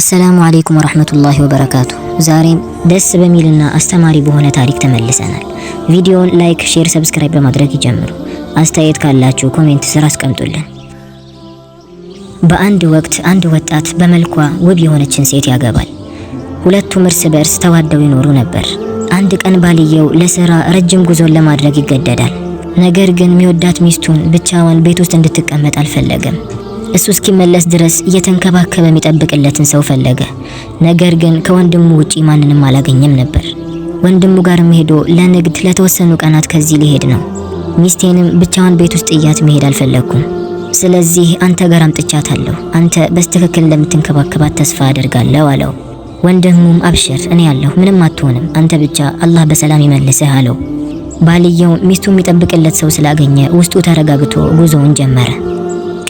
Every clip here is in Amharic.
አሰላሙ አሌይኩም ወረህመቱላሂ ወበረካቱ። ዛሬም ደስ በሚልና አስተማሪ በሆነ ታሪክ ተመልሰናል። ቪዲዮውን ላይክ፣ ሼር፣ ሰብስክራይብ በማድረግ ይጀምሩ። አስተያየት ካላችሁ ኮሜንት ስር አስቀምጡልን። በአንድ ወቅት አንድ ወጣት በመልኳ ውብ የሆነችን ሴት ያገባል። ሁለቱም እርስ በእርስ ተዋደው ይኖሩ ነበር። አንድ ቀን ባልየው ለስራ ረጅም ጉዞን ለማድረግ ይገደዳል። ነገር ግን የሚወዳት ሚስቱን ብቻዋን ቤት ውስጥ እንድትቀመጥ አልፈለገም። እሱ እስኪመለስ ድረስ እየተንከባከበ የሚጠብቅለትን ሰው ፈለገ። ነገር ግን ከወንድሙ ውጪ ማንንም አላገኘም ነበር። ወንድሙ ጋርም ሄዶ ለንግድ ለተወሰኑ ቀናት ከዚህ ሊሄድ ነው። ሚስቴንም ብቻዋን ቤት ውስጥ እያት መሄድ አልፈለግኩም። ስለዚህ አንተ ጋር አምጥቻታለሁ። አንተ በስትክክል እንደምትንከባከባት ተስፋ አደርጋለሁ አለው። ወንድሙም አብሽር፣ እኔ ያለሁ ምንም አትሆንም፣ አንተ ብቻ አላህ በሰላም ይመልስህ አለው። ባልየው ሚስቱ የሚጠብቅለት ሰው ስላገኘ ውስጡ ተረጋግቶ ጉዞውን ጀመረ።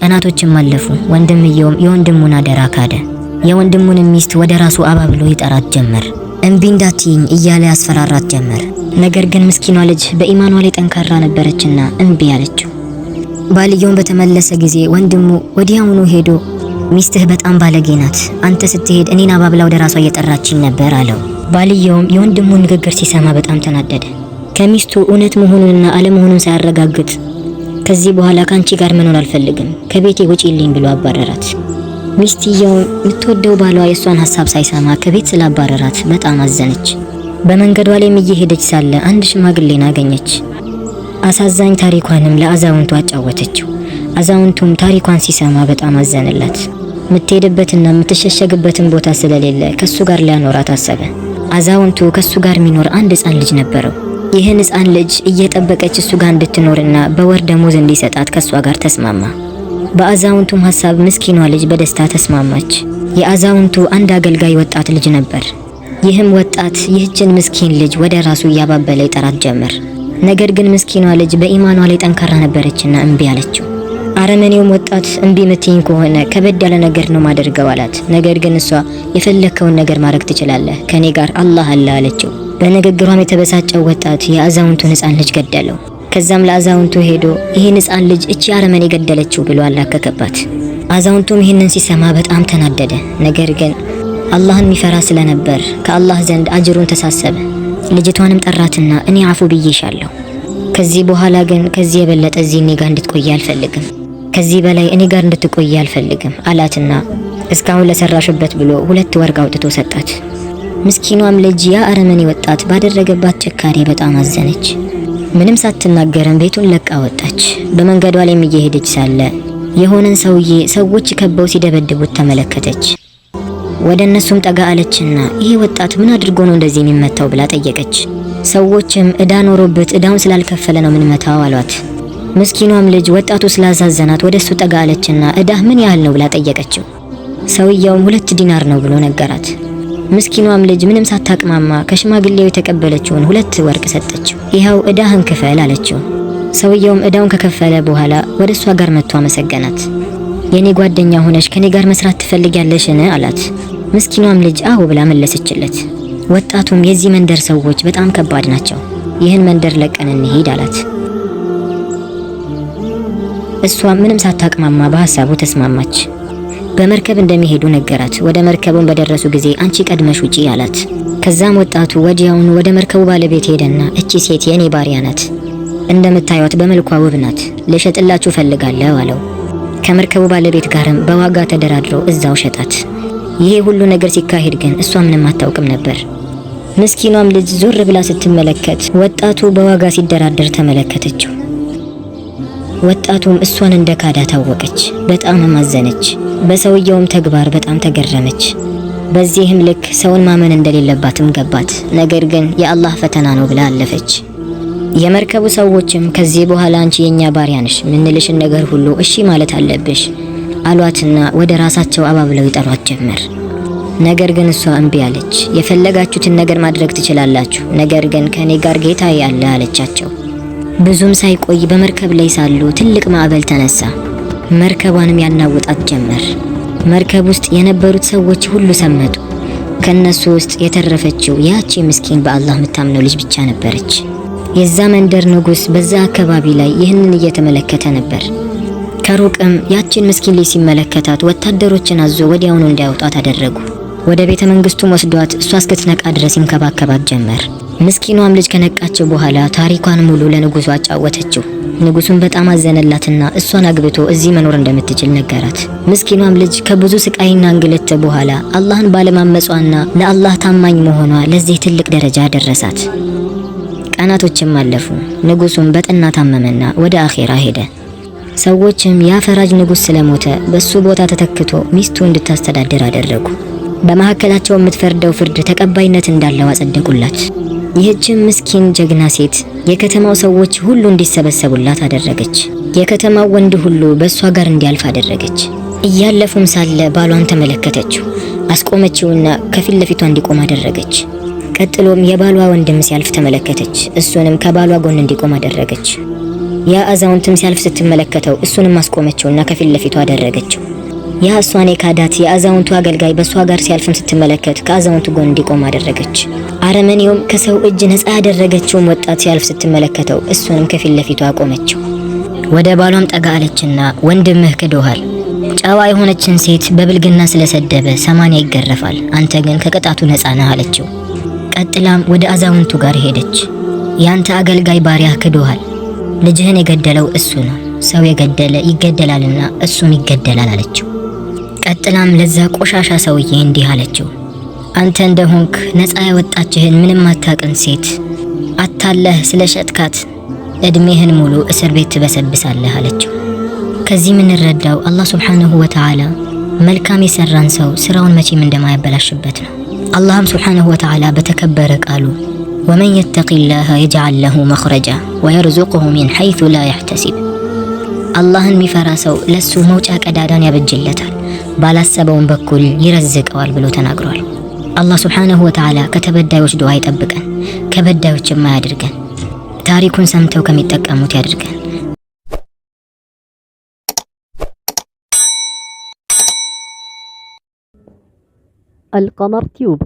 ቀናቶችም አለፉ። ወንድምየውም የወንድሙን አደራ ካደ። የወንድሙን ሚስት ወደ ራሱ አባብሎ ይጠራት ጀመር። እምቢ እንዳትይኝ እያለ ያስፈራራት ጀመር። ነገር ግን ምስኪኗ ልጅ በኢማኗ ላይ ጠንካራ ነበረችና እምቢ አለችው። ባልየውን በተመለሰ ጊዜ ወንድሙ ወዲያውኑ ሄዶ ሚስትህ በጣም ባለጌ ናት፣ አንተ ስትሄድ እኔን አባብላ ወደ ራሷ እየጠራችኝ ነበር አለው። ባልየውም የወንድሙን ንግግር ሲሰማ በጣም ተናደደ። ከሚስቱ እውነት መሆኑንና አለመሆኑን ሳያረጋግጥ ከዚህ በኋላ ካንቺ ጋር መኖር አልፈልግም፣ ከቤቴ ውጪልኝ ብሎ አባረራት። ሚስትየው የምትወደው ባሏ የእሷን ሀሳብ ሳይሰማ ከቤት ስላባረራት በጣም አዘነች። በመንገዷ ላይም እየሄደች ሳለ አንድ ሽማግሌን አገኘች። አሳዛኝ ታሪኳንም ለአዛውንቱ አጫወተችው። አዛውንቱም ታሪኳን ሲሰማ በጣም አዘንላት። የምትሄድበትና የምትሸሸግበትን ቦታ ስለሌለ ከሱ ጋር ሊያኖራት አሰበ። አዛውንቱ ከሱ ጋር የሚኖር አንድ ሕፃን ልጅ ነበረው። ይህን ህፃን ልጅ እየጠበቀች እሱ ጋር እንድትኖርና በወር ደሞዝ እንዲሰጣት ከእሷ ጋር ተስማማ። በአዛውንቱም ሀሳብ ምስኪኗ ልጅ በደስታ ተስማማች። የአዛውንቱ አንድ አገልጋይ ወጣት ልጅ ነበር። ይህም ወጣት ይህችን ምስኪን ልጅ ወደ ራሱ እያባበለ ይጠራት ጀመር። ነገር ግን ምስኪኗ ልጅ በኢማኗ ላይ ጠንካራ ነበረችና እምቢ አለችው። አረመኔውም ወጣት እምቢ ምትኝ ከሆነ ከበድ ያለ ነገር ነው ማደርገው አላት። ነገር ግን እሷ የፈለግከውን ነገር ማድረግ ትችላለህ፣ ከእኔ ጋር አላህ አለ አለችው። በንግግሯም የተበሳጨው ወጣት የአዛውንቱን ህፃን ልጅ ገደለው። ከዛም ለአዛውንቱ ሄዶ ይህን ህፃን ልጅ እቺ አረመኔ ገደለችው ብሎ አላከከባት። አዛውንቱም ይህንን ሲሰማ በጣም ተናደደ። ነገር ግን አላህን የሚፈራ ስለነበር ከአላህ ዘንድ አጅሩን ተሳሰበ። ልጅቷንም ጠራትና እኔ አፉ ብዬሻለሁ፣ ከዚህ በኋላ ግን ከዚህ የበለጠ እዚህ እኔ ጋር እንድትቆይ አልፈልግም፣ ከዚህ በላይ እኔ ጋር እንድትቆይ አልፈልግም አላትና እስካሁን ለሰራሽበት ብሎ ሁለት ወርቅ አውጥቶ ሰጣት። ምስኪኗም ልጅ ያ አረመኔ ወጣት ባደረገባት ጭካኔ በጣም አዘነች። ምንም ሳትናገረም ቤቱን ለቃ ወጣች። በመንገዷ ላይም እየሄደች ሳለ የሆነን ሰውዬ ሰዎች ከበው ሲደበድቡት ተመለከተች። ወደ እነሱም ጠጋ አለችና ይሄ ወጣት ምን አድርጎ ነው እንደዚህ የሚመታው ብላ ጠየቀች። ሰዎችም እዳ ኖሮበት እዳውን ስላልከፈለ ነው የምንመታው አሏት። ምስኪኗም ልጅ ወጣቱ ስላዛዘናት ወደ እሱ ጠጋ አለችና እዳህ ምን ያህል ነው ብላ ጠየቀችው። ሰውየውም ሁለት ዲናር ነው ብሎ ነገራት። ምስኪኗም ልጅ ምንም ሳታቅማማ ከሽማግሌው የተቀበለችውን ሁለት ወርቅ ሰጠችው። ይኸው እዳህን ክፈል አለችው። ሰውየውም እዳውን ከከፈለ በኋላ ወደ እሷ ጋር መጥቶ አመሰገናት። የኔ ጓደኛ ሆነሽ ከኔ ጋር መስራት ትፈልጊያለሽን? አላት። ምስኪኗም ልጅ አዎ ብላ መለሰችለት። ወጣቱም የዚህ መንደር ሰዎች በጣም ከባድ ናቸው፣ ይህን መንደር ለቀን እንሂድ አላት። እሷ ምንም ሳታቅማማ በሀሳቡ ተስማማች። በመርከብ እንደሚሄዱ ነገራት። ወደ መርከቡን በደረሱ ጊዜ አንቺ ቀድመሽ ውጪ አላት። ከዛም ወጣቱ ወዲያውኑ ወደ መርከቡ ባለቤት ሄደና እቺ ሴት የኔ ባሪያ ናት፣ እንደምታዩት በመልኳ ውብ ናት፣ ልሸጥላችሁ ፈልጋለሁ አለው። ከመርከቡ ባለቤት ጋርም በዋጋ ተደራድሮ እዛው ሸጣት። ይሄ ሁሉ ነገር ሲካሄድ ግን እሷ ምንም አታውቅም ነበር። ምስኪኗም ልጅ ዞር ብላ ስትመለከት ወጣቱ በዋጋ ሲደራደር ተመለከተችው። ወጣቱም እሷን እንደ ካዳ ታወቀች። በጣም ማዘነች በሰውየውም ተግባር በጣም ተገረመች። በዚህም ልክ ሰውን ማመን እንደሌለባትም ገባት። ነገር ግን የአላህ ፈተና ነው ብላ አለፈች። የመርከቡ ሰዎችም ከዚህ በኋላ አንቺ የኛ ባሪያ ነሽ፣ ምንልሽን ነገር ሁሉ እሺ ማለት አለብሽ አሏትና ወደ ራሳቸው አባብለው ይጠሯት ጀመር። ነገር ግን እሷ እምቢ አለች። የፈለጋችሁትን ነገር ማድረግ ትችላላችሁ፣ ነገር ግን ከኔ ጋር ጌታ ያለ አለቻቸው። ብዙም ሳይቆይ በመርከብ ላይ ሳሉ ትልቅ ማዕበል ተነሳ። መርከቧንም ያናውጣት ጀመር። መርከብ ውስጥ የነበሩት ሰዎች ሁሉ ሰመጡ። ከነሱ ውስጥ የተረፈችው ያቺ ምስኪን በአላህ የምታምነው ልጅ ብቻ ነበረች። የዛ መንደር ንጉስ በዛ አካባቢ ላይ ይህንን እየተመለከተ ነበር። ከሩቅም ያችን ምስኪን ልጅ ሲመለከታት ወታደሮችን አዞ ወዲያውኑ እንዳያወጧት አደረጉ። ወደ ቤተ መንግስቱም ወስዷት እሷ እስክትነቃ ድረስ ይንከባከባት ጀመር። ምስኪኗም ልጅ ከነቃቸው በኋላ ታሪኳን ሙሉ ለንጉሱ አጫወተችው። ንጉሱም በጣም አዘነላትና እሷን አግብቶ እዚህ መኖር እንደምትችል ነገራት። ምስኪኗም ልጅ ከብዙ ስቃይና እንግልት በኋላ አላህን ባለማመጿና ለአላህ ታማኝ መሆኗ ለዚህ ትልቅ ደረጃ ደረሳት። ቀናቶችም አለፉ። ንጉሱም በጠና ታመመና ወደ አኼራ ሄደ። ሰዎችም ያ ፈራጅ ንጉሥ ስለሞተ በሱ ቦታ ተተክቶ ሚስቱ እንድታስተዳድር አደረጉ። በመካከላቸው የምትፈርደው ፍርድ ተቀባይነት እንዳለው አጸደቁላት። ይህችን ምስኪን ጀግና ሴት የከተማው ሰዎች ሁሉ እንዲሰበሰቡላት አደረገች። የከተማው ወንድ ሁሉ በእሷ ጋር እንዲያልፍ አደረገች። እያለፉም ሳለ ባሏን ተመለከተችው፣ አስቆመችውና ከፊት ለፊቷ እንዲቆም አደረገች። ቀጥሎም የባሏ ወንድም ሲያልፍ ተመለከተች፣ እሱንም ከባሏ ጎን እንዲቆም አደረገች። ያ አዛውንትም ሲያልፍ ስትመለከተው እሱንም አስቆመችውና ከፊት ለፊቷ አደረገችው። ያ እሷን የካዳት የአዛውንቱ አገልጋይ በእሷ ጋር ሲያልፍም ስትመለከት ከአዛውንቱ ጎን እንዲቆም አደረገች። አረመኔውም ከሰው እጅ ነፃ ያደረገችውን ወጣት ሲያልፍ ስትመለከተው እሱንም ከፊት ለፊቱ አቆመችው። ወደ ባሏም ጠጋ አለችና ወንድምህ ክዶሃል። ጨዋ የሆነችን ሴት በብልግና ስለሰደበ ሰማንያ ይገረፋል። አንተ ግን ከቅጣቱ ነፃ ነህ አለችው። ቀጥላም ወደ አዛውንቱ ጋር ሄደች። ያንተ አገልጋይ ባሪያህ ክዶሃል። ልጅህን የገደለው እሱ ነው። ሰው የገደለ ይገደላልና እሱም ይገደላል አለችው። ቀጥላም ለዛ ቆሻሻ ሰውዬ እንዲህ አለችው፣ አንተ እንደሆንክ ነፃ ያወጣችህን ምንም አታቅን ሴት አታለህ ስለ ሸጥካት እድሜህን ሙሉ እስር ቤት ትበሰብሳለህ አለችው። ከዚህ የምንረዳው አላህ ሱብሓነሁ ወተዓላ መልካም የሰራን ሰው ስራውን መቼም እንደማያበላሽበት ነው። አላህም ሱብሓነሁ ወተዓላ በተከበረ ቃሉ ወመን የተቂላህ የጅዓል ለሁ መኽረጃ ወየርዙቅሁ ሚን ሐይሱ ላ ያሕተሲብ አላህን የሚፈራ ሰው ለሱ መውጫ ቀዳዳን ያበጅለታል። ባላሰበውን በኩል ይረዝቀዋል ብሎ ተናግሯል። አላህ ሱብሓነሁ ወተዓላ ከተበዳዮች ዱዓ ይጠብቀን፣ ከበዳዮችም አያድርገን። ታሪኩን ሰምተው ከሚጠቀሙት ያድርገን። አልቀመር ቲዩብ